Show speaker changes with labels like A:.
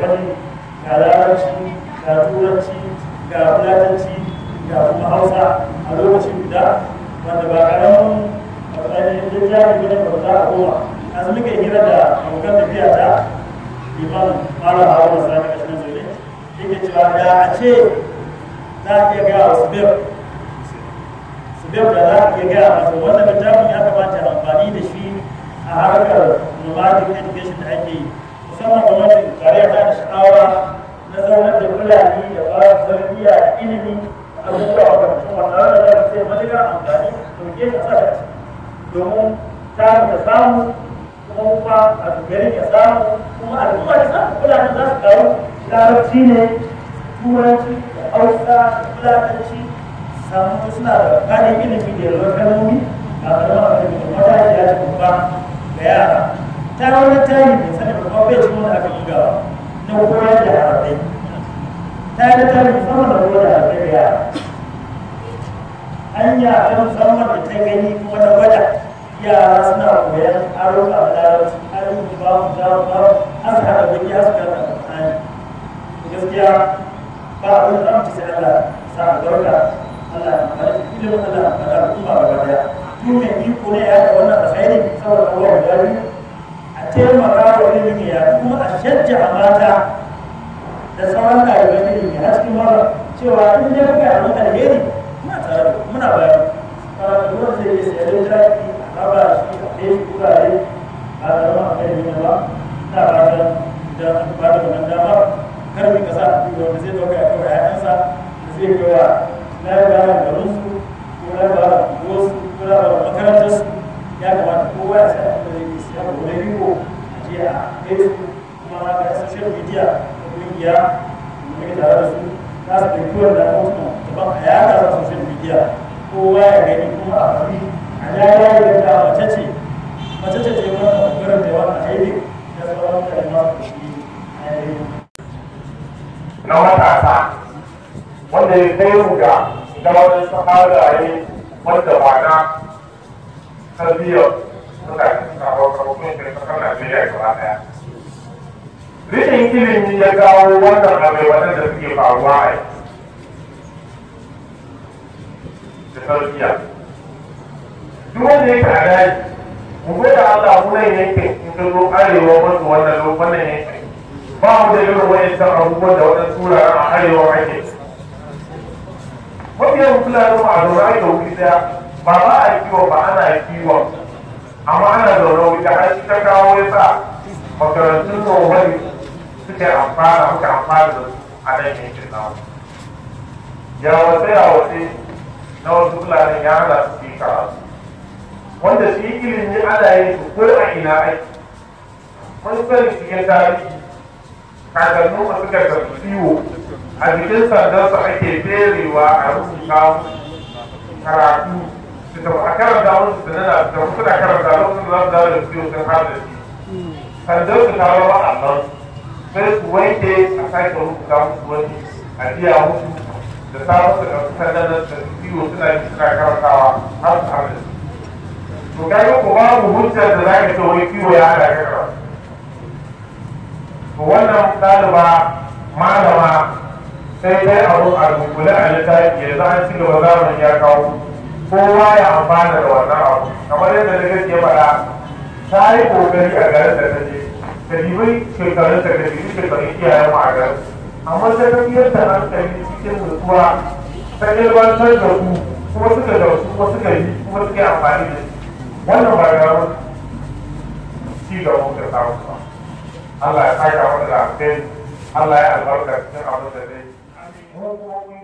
A: kadai ga larabci ga turanci ga fulatanci ga kuma hausa a lokacin guda wanda ba karamin a yin jari ne ba za a goma a zama muke hira da abokan tafiya ta imam mara hawa da sami kashin zuri yake cewa da a ce za a iya gaya wa subeb subeb da za a iya gaya masu wannan littafin ya kamata amfani da shi a harkar nomadic education da ake yi musamman gwamnatin tare da sha'awa na zaunar da kulani da ba su da ilimi abubuwa a kwamfin wannan da za sai amfani domin ta da samu kuma kuma a dogari samu kuma al'umma da samu za su larabci ne turanci da hausa da fulatanci samu suna da kanin ilimi da yalwar a ƙarƙashin mataki da da yara ta wani ne mai sanin ba bai cikin wani aka bugawa na koyar da harafai ta yi tari musamman da koyar da harafai da yara hanya ta musamman da ta gani kuma na gwada yara suna koyan aruka da larabci yi ba mu za mu ba an sa da wani ya suka da alƙur'ani gaskiya ba a wani amince sai Allah sa albarka Allah ya amfani ilimin Allah ya amfani ba gaba daya duk mai iko ne ya ga wannan alkhairi saboda Allah ya gani ce a mata da sauran ɗalibai na ilimi a cikin mara cewa in dai kuka yi abin alheri muna tare muna bayan wanda zai iya sayar da jirafi a raba shi a kai shi gurare a zama a kai ne ba na fatan da ba da wannan dama kar kasa a cikin wanda zai dauka ya kawai ƴaƴansa da zai kawai na yi bayan garinsu ko na yi bayan unguwarsu ko na yi makarantarsu ya kamata kowa ya sa abin da zai ke siya gobe riko a je a kai su kuma za ka social media kungiya da muke tare da su za su ko wannan ta daban a yaɗa su social media kowa ya gani kuma a faɗi a jawo da ta mace ce mace
B: ce ce wani ɓangaren da wani aiki da sauran mutane masu shi na matasa wanda ya kai mu ga damar halaye wanda ba na tarbiyyar mutane suka hau kamar kuma shirka kan Najeriya gaba ɗaya. rashin ilimi ya kawo wannan abai wannan da suke faruwa a da duk wanda yake a daji mu da Allah mu nan yankin in ka zo arewa masu wannan lokacin yankin ba mu da irin wa'ancan abubuwan da waɗansu wuraren a arewa ake mafiyan fulani a zaune da wuri daya ba ba a kiwo ba ana kiwon amma ana zaune wuri har ta kawo ya sa makarantun noman suka amfana muka amfana da su a nan yankin namu ya wasai a wasai na wasu kulanin ya hana su ke su wanda shi ilimi ana yin su ko a ina aiki mun sani yi tarihi kakannu a suka karbi ciwo a jikin su ake berewa a rubuta karatu su tafi a karanta wani su tana su tafi suna karanta lokacin da za su dawo da yi wasu har da shi sandansu ta rawa a nan sai ku wanke a sake rubuta musu wani a biya musu da sabon da ɗauki sandan da biyu suna yi suna karantawa har su hana su to kaga ku babu hujjar da za ka ce wani kiwo ya hada ka to wannan ɗaliba malama sai dai abu a dunkule a littafi yanzu an ci gaba zamani ya kawo kowa ya amfana da wannan abu kamar yadda da gaske faɗa ta yi ƙoƙari a garin da ta je dalibai shekarun sakandiri shekarun iyayen magar amma sakandiyar da an karfi ta ilmantar da ku kuma suka kuma da shi wannan ba ga Allah Allah